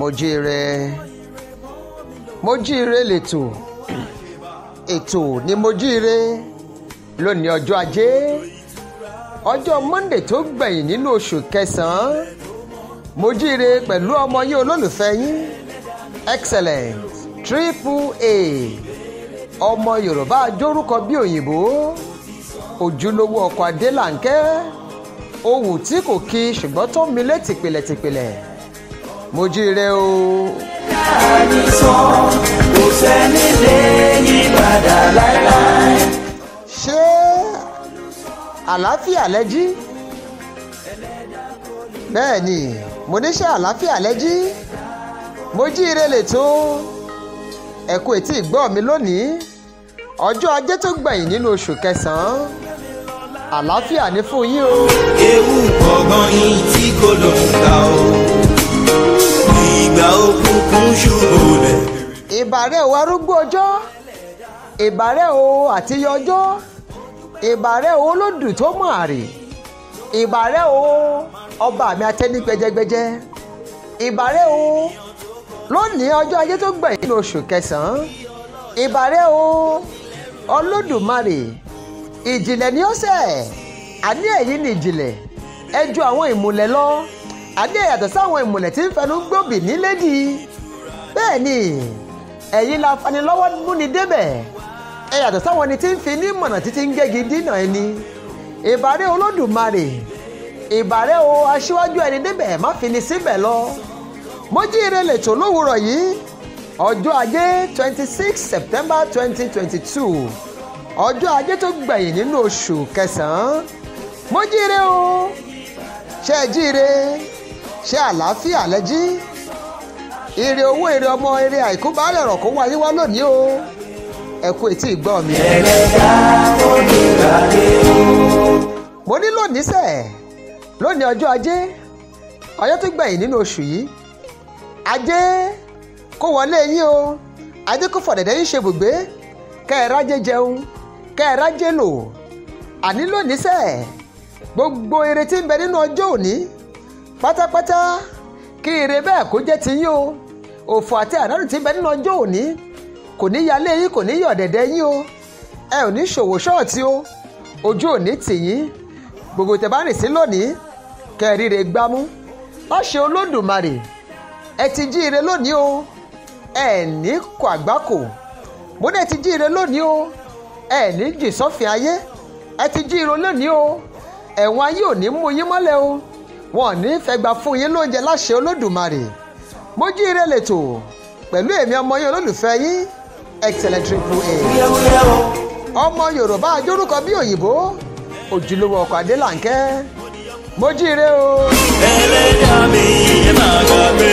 mojire mojire lẹ́tọ̀ ètò ni mojire lónìí ọjọ́ ajé ọjọ́ monde tó gbẹ̀yìn nínú oṣù kẹsàn-án mojire pẹ̀lú ọmọ yín olólùfẹ́ yín excellent triple a ọmọ yorùbá ajórúkọ bí òyìnbó ojúlówó ọkọ̀ adélànkẹ́ ohun tí kò kí ṣùgbọ́n tó mi létìpilẹ̀tìpilẹ̀ mo jíire o. kò sẹ́ni lè yí padà láéláé. ṣé àlàáfíà lẹ jí? bẹ́ẹ̀ ni mo ní ṣé àlàáfíà lẹ jí? mo jíire lè tó ẹ etí ìgbọ́ mi lónìí ọjọ́ ajé tó gbẹ̀yìn nínú oṣù kẹsàn-án àlàáfíà ni fún yín o. ewu ọgbọ́n yín tí kò lóun ta o àgbà òkùnkùn ṣubú lẹ̀. ìbàrẹ̀ o arúgbó ọjọ́ ìbàrẹ̀ o àtiyọjọ́ ìbàrẹ̀ o olódù tó mọ̀ àrè ìbàrẹ̀ o ọba mi atẹ́ni gbẹjẹgbẹjẹ ìbàrẹ̀ o lónìí ọjọ́ ajé tó gbẹ̀yìn ní oṣù kẹsàn-án ìbàrẹ̀ o olódùmarè ìjìnlẹ̀ ni ó ṣe àní ẹ̀yìn ni ìjìnlẹ̀ ẹ ju àwọn ìmùlẹ̀ lọ adé yàtọ̀ sáwọn ìmùlẹ̀ tí ń fẹnu gbòbì nílédi bẹ́ẹ̀ ni ẹ̀yin la fani lọ́wọ́ múni débẹ̀ ẹ yàtọ̀ sáwọn ẹni tí ń fi ní mọ̀nà títí ń gégi dínà ẹni ìbàrẹ̀ olódùmarè ìbàrẹ̀ o aṣíwájú ẹni débẹ̀ má fi ni síbẹ̀ lọ Mojíire lètò lówùrọ̀ yìí ọjọ́ ajé twenty six september twenty twenty two ọjọ́ ajé tó gbẹ̀yìn nínú oṣù kẹsàn-án Mojíire o ṣe é jíire ṣé àlàáfíà lẹ jí ire owó ire ọmọ ire àìkú baálẹ̀ rọ̀ kó wáyé wá lónìí o ẹ etí ìgbọ́ mi. ẹlẹ́dá ó ní ìgbàlè o. mo ní lónìí sẹ́ lónìí ọjọ́ ajé ọjọ́ tó gbẹ̀yìn nínú oṣù yìí ajé kó wọlé yín o ajé kó fọ̀dẹ̀dẹ̀ yín ṣe bùgbé kẹ́ẹ̀rájé jẹun kẹ́ẹ̀rájé lò àní lónìí sẹ́ gbogbo ire tí ń bẹ nínú ọjọ́ òní pátápátá kí ire bẹ́ẹ̀ kó jẹ́ ti yín o òfò àti àdánù ti bẹ nínú ọjọ́ òní kò ní yalé yín kò ní yọ̀ dẹ̀dẹ̀ yín o ẹ ò ní ṣòwò ṣọ́ọ̀tì o ojú òní tì yín gbogbo tẹ bá rìn sí lónìí kẹrìíre gbámú láṣẹ olódùmarè ẹ ti jí ire lónìí o ẹ ní kọ àgbákò mo dẹ̀ ti jí ire lónìí o ẹ ní jì sọ́fìn ayé ẹ ti jí ire lónìí o ẹ̀wọ̀n ayé ò ní mú yín mọ́lẹ̀ o wọn ò ní fẹ́ gba fún yín lóúnjẹ láṣẹ olódùmarè Mojíire lẹ́tọ̀ pẹ̀lú èmi ọmọ yín olólùfẹ́ yín excellent triple a ọmọ Yorùbá ajórúkọ bí òyìnbó ojúlówó ọkọ̀ Adélànkẹ́ Mojíire o. ẹlẹ́dàá mi ẹ máa gbà pé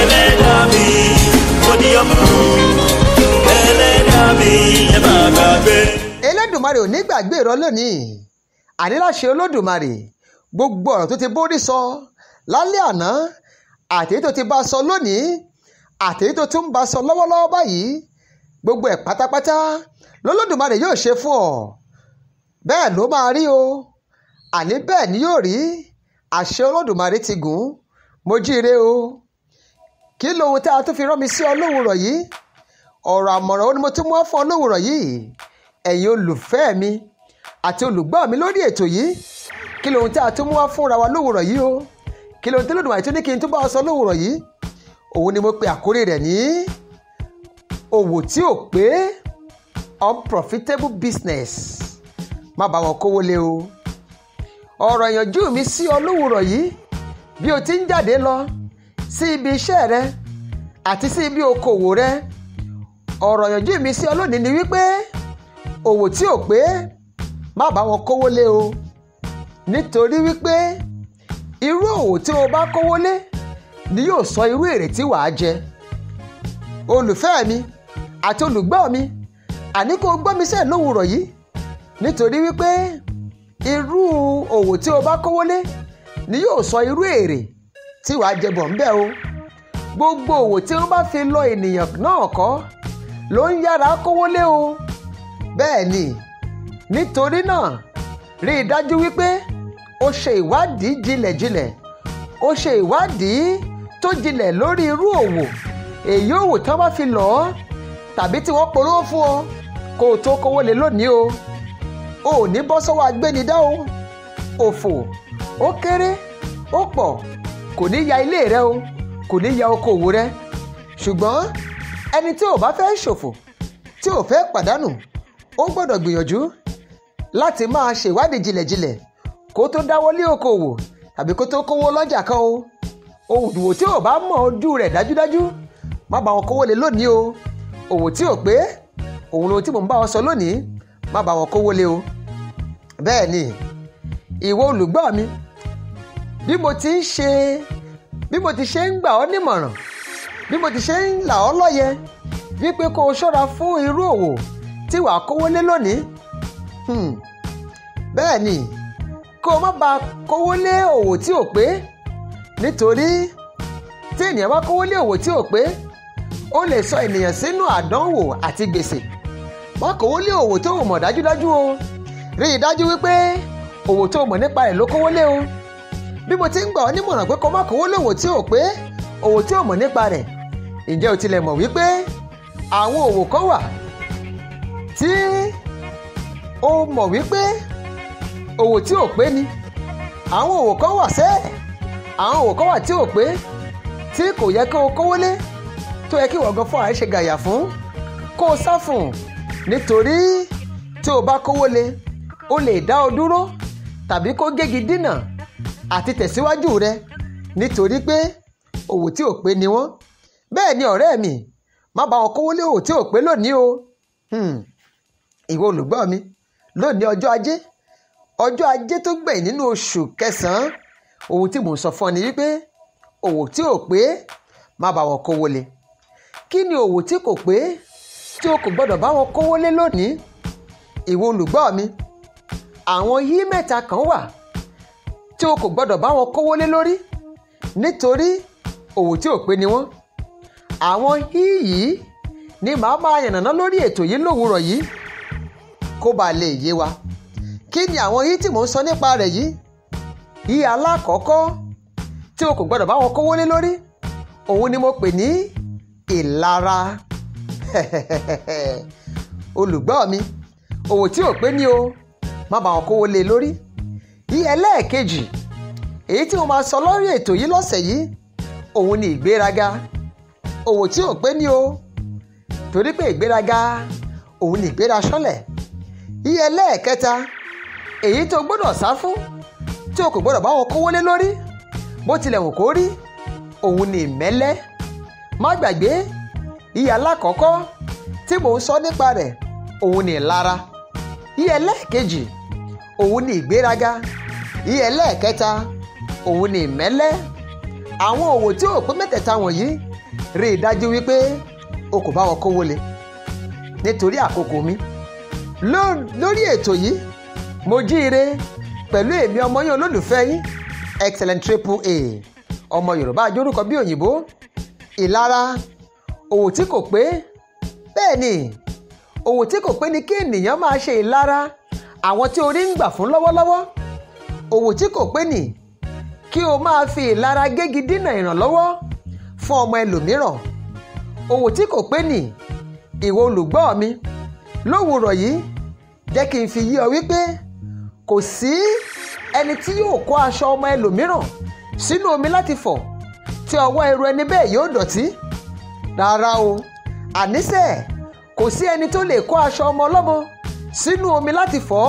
ẹlẹ́dàá mi kò ní ọmọ ẹlẹ́dàá mi ẹ máa gbà pé. Elédùmarè ò ní gbàgbé ìrọ́ lónìí àní Olódùmarè gbogbo ọ̀rọ̀ tó ti bórí sọ lálẹ́ àná àtèyí tó ti bá sọ lónìí àtèyí tó tún bá sọ lọ́wọ́lọ́wọ́ báyìí gbogbo ẹ̀ pátápátá lọ́lọ́dùmarè yóò ṣe fún ọ bẹ́ẹ̀ ló máa rí o àní bẹ́ẹ̀ ni yóò rí àṣẹ Olódùmarè ti gùn mo jíire o kí lohun tá a tún fi rán mi sí ọ lówùrọ̀ yìí ọ̀rọ̀ àmọ̀ràn ó ní mo tún mú fún ọ yìí ẹ̀yin olùfẹ́ mi àti olùgbọ́ mi lórí ètò yìí kí lóhun tí a tún mú wá fúnra wa lówùrọ̀ yìí o kí lóhun tí lódùmarè tún ní kí tún bá ọ sọ yìí òun ni mo pe àkórí rẹ̀ ní òwò tí ò pé unprofitable business má bá wọn kówó o ọ̀rọ̀ ìyànjú mi sí ọ lówùrọ̀ yìí bí o ti ń lọ sí ibi iṣẹ́ rẹ àti sí ibi okòwò nítorí wípé irú òwò tí o bá kówó lé ni yóò sọ irú èrè tí wàá jẹ olùfẹ́ mi àti olùgbọ́ mi àní kó gbọ́ mi sẹ́ẹ̀ lówùrọ̀ yìí nítorí wípé irú òwò tí o bá kówó lé ni yóò sọ irú èrè tí wàá jẹ bọ̀ o gbogbo òwò tí wọ́n bá fi lọ ènìyàn náà kọ́ ló ń yára kówó o bẹ́ẹ̀ ni nítorí náà rí i dájú wípé ó ṣe ìwádìí jinlẹ̀jinlẹ̀ ó ṣe ìwádìí tó jinlẹ̀ lórí irú òwò èyí òwò tí wọ́n bá fi lọ̀ ọ́ tàbí tí wọ́n polówó fún ọ kó o tó kówó lé lónìí o o ò ní bọ́ sọ́wọ́ agbénidá o òfò ó kéré ó pọ̀ kò ní ya ilé rẹ o kò ní ya okòwò rẹ ṣùgbọ́n ẹni tí ò bá fẹ́ ṣòfò tí ò fẹ́ pàdánù ó gbọ́dọ̀ gbìyànjú láti máa ṣèwádìí jinlẹ̀jinlẹ̀ kó tó dáwọlé okòwò tàbí kó tó kówó lọ́jà kan o òwò tí ò bá mọ̀ ojú rẹ̀ dájúdájú má bá wọn kówó lé lónìí o òwò tí ò pé òun lóhun tí mò ń bá wọn sọ lónìí má bá wọn kówó lé o bẹ́ẹ̀ ni ìwọ olùgbọ́ mi bí mo ti ń ṣe bí mo ti ṣe ń gbà ọ́ nímọ̀ràn bí mo ti ṣe ń là ọ́ lọ́yẹ wípé kó o ṣọ́ra fún irú òwò tí wàá kówó lé lónìí hmm. bẹ́ẹ̀ ni. Hmm. kó o má ba kówó lé òwò tí ò pé nítorí tí ènìyàn bá kówó lé òwò tí ò pé ó lè sọ ènìyàn sínú àdánwò àti gbèsè má kówó lé òwò tó o mọ̀ dájúdájú o rí i dájú wípé òwò tó o mọ̀ nípa rẹ̀ ló kówó lé o bí mo ti ń gbà ọ́ nímọ̀ràn pé kó má kówó lé òwò tí ò pé òwò tí o mọ̀ nípa rẹ̀ ǹjẹ́ o tilẹ̀ mọ̀ wípé àwọn òwò kan wà tí o mọ̀ wípé òwò tí ò pé ni àwọn òwò kan wà sẹ́ẹ̀ àwọn òwò kan wà tí ò pé tí kò yẹ kí o kówó lé tó yẹ kí wọ̀ngàn fún ààrẹ ṣe gàyà fún kó o sá fún nítorí tí o bá kówó lé o lè dá o dúró tàbí kó gégi dínà àti tẹ̀síwájú rẹ nítorí pé òwò tí ò pé ni wọ́n bẹ́ẹ̀ ni ọ̀rẹ́ mi má bá wọn kówó lé òwò tí ò pé lónìí o hmm. ìwọ olùgbọ́ mi lónìí ọjọ́ ajé ọjọ́ ajé tó gbẹ̀yìn nínú oṣù kẹsàn-án ohun tí mò ń sọ fún ọ ni wípé òwò tí ò pé má bá wọn kówó lé kí ni òwò tí kò pé tí o kò gbọ́dọ̀ bá wọn kówó lé lónìí ìwọ olùgbọ́ mi àwọn yí mẹ́ta kan wà tí o kò gbọ́dọ̀ bá wọn kówó lé lórí nítorí òwò tí ò pé ni wọ́n àwọn yí yìí ni màá máa yànnàná lórí ètò yìí lówùúrọ̀ yìí kó bàa lè yé wa kí ni àwọn yìí tí mò ń sọ nípa rẹ̀ yìí yìí alákọ̀ọ́kọ́ tí o kò gbọ́dọ̀ bá wọn kówó lé lórí òun ni mo pè ní ìlara olùgbọ́ mi òwò tí ò pé ní o má bá wọn kówó lé lórí yìí ẹlẹ́ẹ̀kejì èyí tí mo máa sọ lórí ètò yìí lọ́sẹ̀ yìí òun ni ìgbéraga òwò tí ò pé ní o torí pé ìgbéraga òun ni ìgbéra sọ́lẹ̀ yìí ẹlẹ́ẹ̀kẹta. E èyí tó gbọ́dọ̀ sá fún tí o kò gbọ́dọ̀ bá wọn kówó lé lórí bó tilẹ̀ wù kó rí òun ni ìmẹ́lẹ́ má gbàgbé ìyà alákọ̀ọ́kọ́ tí mò ń sọ nípa rẹ̀ òun ni ìlara ìyà ẹlẹ́ẹ̀kejì òun ni ìgbéraga ìyà ẹlẹ́ẹ̀kẹta òun ni ìmẹ́lẹ́ àwọn òwò tí ò pé mẹ́tẹ̀ẹ̀ta wọ̀nyí rí i dájú wípé o kò bá wọn kówó lé nítorí àkókò mi lórí ètò yìí mo jíire pẹ̀lú èmi ọmọ yín olólùfẹ́ yín excellent triple a ọmọ yorùbá ajórúkọ bí òyìnbó ìlara òwò tí kò pé bẹ́ẹ̀ ni òwò tí kò pé ni kí ènìyàn máa ṣe ìlara àwọn tí orí ń gbà fún lọ́wọ́lọ́wọ́ òwò tí kò pé ni kí o máa fi ìlara gégi dínà ìrànlọ́wọ́ fún ọmọ ẹlòmíràn òwò tí kò pé ni ìwọ olùgbọ́ mi lówùrọ̀ yìí jẹ́ kí n fi yí ọ wípé kò sí ẹni tí yóò kó aṣọ ọmọ ẹlòmíràn sínú omi láti fọ̀ tí ọwọ́ ẹrù ẹni bẹ́ẹ̀ yóò dọ̀tí rárá o àníṣe kò sí ẹni tó lè kó aṣọ ọmọ ọlọ́mọ sínú omi láti fọ̀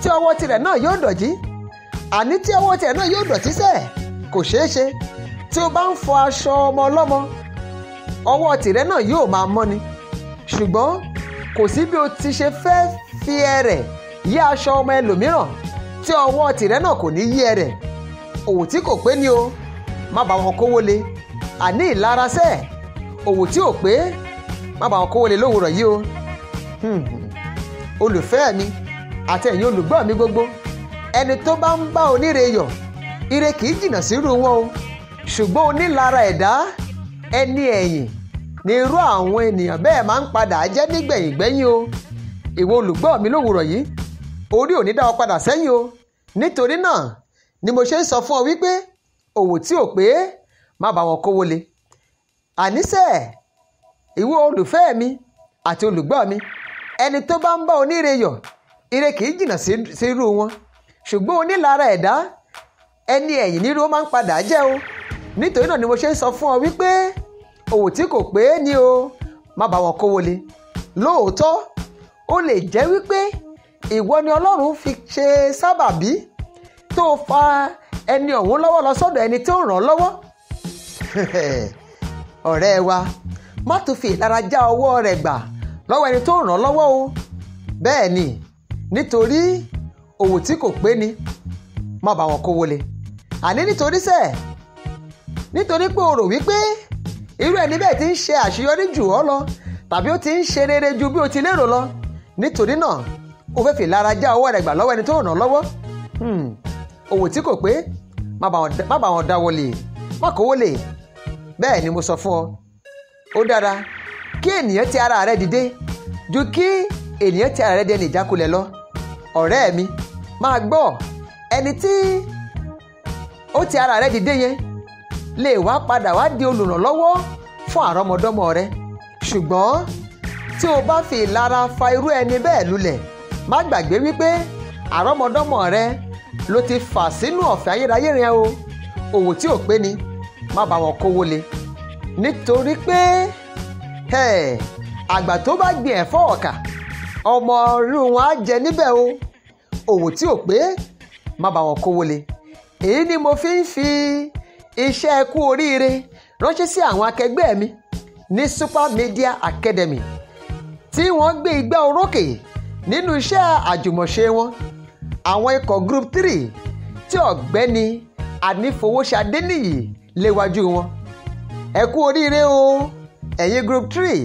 tí ọwọ́ tirẹ̀ náà yóò dọ̀tí àní tí ọwọ́ tirẹ̀ náà yóò dọ̀tí sẹ̀ kò ṣeé ṣe tí o bá ń fọ̀ aṣọ ọmọ ọlọ́mọ ọwọ́ tirẹ̀ náà yóò máa mọ́ni ṣùgbọ́n kò sí bí o ti ṣe fẹ́ fi ẹrẹ̀ yí aṣọ ọmọ ẹlòmíràn tí ọwọ́ tìrẹ náà kò ní yí ẹ rẹ̀ òwò tí kò pé ni o má bá wọn kówó le àní ìlara sẹ́ẹ̀ òwò tí ò pé má bá wọn kówó le lówùrọ̀ yìí o hmm. olùfẹ́ mi àti ẹ̀yin olùgbọ́ mi gbogbo ẹni tó bá ń bá oníre yọ̀ ire kì í jìnnà sírú wọn o ṣùgbọ́n onílara ẹ̀dá ẹni ẹ̀yìn ni irú àwọn ènìyàn bẹ́ẹ̀ máa ń padà jẹ́ nígbẹ̀yìngbẹ́yìn o ìwọ olùgbọ́ mi lówùrọ̀ yìí orí ò ní dá ọ padà sẹ́yìn o nítorí náà ni mo ṣe ń sọ fún ọ wípé òwò tí ò pé má bá wọn kówó le àníṣe ìwọ olùfẹ́ mi àti olùgbọ́ mi ẹni tó bá ń bá oníire yọ̀ ire kì í jìnnà sí irú wọn ṣùgbọ́n onílara ẹ̀dá ẹni ẹ̀yìn nírú ó máa ń padà jẹ́ o nítorí náà ni mo ṣe ń sọ fún ọ wípé òwò tí kò pé ni o má bá wọn kówó le lóòótọ́ ó lè jẹ́ wípé ìwọ ni ọlọ́run fi ṣe sábàbí tó fa ẹni ọ̀hún lọ́wọ́ lọ sọ́dọ̀ ẹni tó ràn án lọ́wọ́ ọ̀rẹ́ wa má tún fi ìlara já ọwọ́ rẹ̀ gbà lọ́wọ́ ẹni tó ràn án lọ́wọ́ o bẹ́ẹ̀ ni nítorí òwò tí kò pé ni má bá wọn kówó le àní nítorí sẹ́ nítorí pé o rò wípé irú ẹni bẹ́ẹ̀ ti ń ṣe àṣeyọrí jù ọ́ lọ tàbí ó ti ń ṣe rere ju bí o ti lérò lọ nítorí náà o fẹ́ fi lára já ọwọ́ rẹ̀ gbà lọ́wọ́ ẹni tó ràn án lọ́wọ́ hmm. òwò tí kò pé má bà wọn mo sọ fún ọ ó dára kí ènìyàn ti ara rẹ dìde ju kí ènìyàn ti ara rẹ dẹni ìjákulẹ̀ lọ ọ̀rẹ́ mi máa gbọ́ ẹni tí ó ara rẹ dìde yẹn lè wá padà wá di olùrànlọ́wọ́ fún àrọ́mọdọ́mọ rẹ ṣùgbọ́n tí o bá fi fa irú ẹni bẹ́ẹ̀ lulẹ̀ má gbàgbé wípé àrọ́mọdọ́mọ rẹ ló ti fà sínú ọ̀fẹ́ ayérayé rẹ o òwò tí ò pé ni má bá wọn kówó le nítorí pé àgbà tó bá gbin ẹ̀fọ́ ọ̀kà ọmọ irú wọn á jẹ níbẹ̀ o òwò tí ò pé má bá wọn kówó le èyí ni mo fi ń fi iṣẹ́ ẹkú oríire ránṣẹ́ sí àwọn akẹgbẹ́ mi ní Super Media Academy tí wọ́n gbé igbá orókè nínú iṣẹ́ àjùmọ̀ṣe wọn àwọn ikọ̀ group three tí ọ̀gbẹ́ni ànífowóṣadé nìyí léwájú wọn ẹ kú oríire o ẹ̀yin group three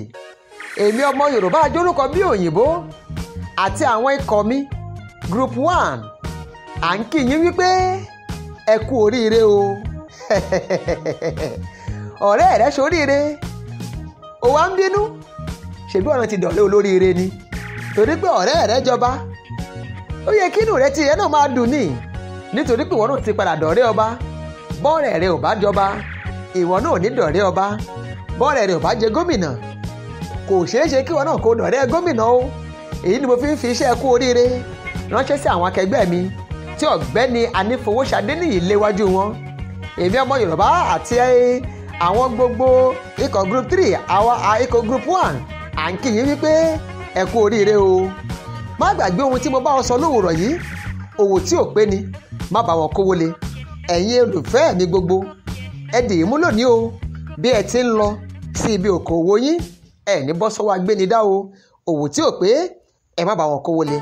èmi ọmọ yorùbá àjórúkọ bí òyìnbó àti àwọn ikọ̀ mi group one à ń kí yín wípé ẹ kú oríire o ọ̀rẹ́ rẹ ṣoríire o wá ń bínú ṣèbí ọ̀ràn ti dọ̀lé olóríire ni torí pé ọ̀rẹ́ rẹ jọba ó yẹ kínú rẹ ti yẹn náà máa dùn ní nítorí pé ìwọ náà ti padà dọ̀rẹ́ ọba bọ́ọ̀rẹ́ rẹ ò bá jọba ìwọ náà ò ní dọ̀rẹ́ ọba bọ́ọ̀rẹ́ rẹ ò bá jẹ gómìnà kò ṣeé ṣe kí ìwọ náà kó dọ̀rẹ́ gómìnà o èyí ni mo fi ń fi iṣẹ́ kú oríire ránṣẹ́ sí àwọn akẹgbẹ́ mi tí ọ̀gbẹ́ni anífowóṣadé nìyí léwájú wọn èmi ọmọ yorùbá àti àwọn gbogbo ikọ̀ group three àwa ikọ̀ group one à ń kí wípé ẹ kú oríire o má gbàgbé ohun tí mo bá ọ sọ lówùrọ̀ yìí òwò tí ò pé ni má bá wọn kówó le ẹ̀yin olùfẹ́ mi gbogbo ẹ dì í mú lónìí o bí ẹ ti ń lọ sí ibi òkòwò yín ẹ ní bọ́ sọ́wọ́ agbénidá o òwò tí ò pé ẹ má bá wọn kówó le.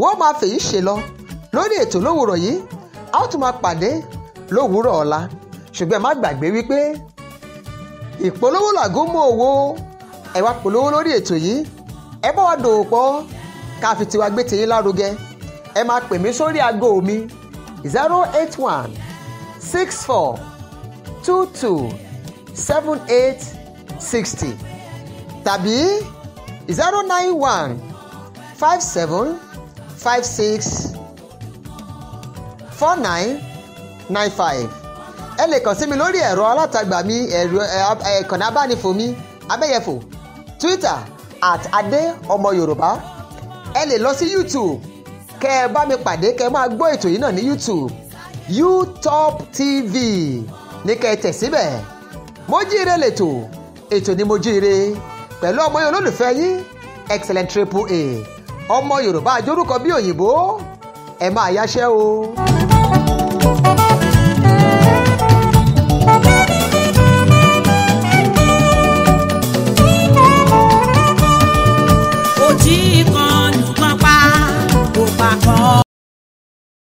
wọ́n máa fèyí ṣe lọ lórí ètò lówùrọ̀ yìí a ó tún máa pàdé lówùrọ̀ ọ̀la ṣùgbọ́n ẹ má gbàgbé wípé ìpolówó làgó mú owó ẹ wá polówó lórí ètò yìí ẹ bá wa dòwò pọ̀ ká fi tiwa gbé tèyí lárugẹ ẹ máa pè mí sórí aago mi zero eight one six four two two seven eight sixty tàbí zero nine one five seven five six four nine nine five ẹ lè kàn sí mi lórí ẹ̀rọ alátagbà mi ẹ̀kànnì abánifò mi abẹ́yẹfò twitter at adé ọmọ yorùbá ẹ lè lọ sí youtube kẹ́ ẹ bá mi pàdé kẹ́ ẹ máa gbọ́ ètò yìí náà ní youtube youtop tv ní kẹ́ ẹ tẹ̀ síbẹ̀ Mojíire lẹ́tọ̀ ètò ní Mojíire pẹ̀lú ọmọ yẹn olólùfẹ́ yín excellent triple a ọmọ yorùbá àjórúkọ bí òyìnbó ẹ máa yáṣẹ́ o. de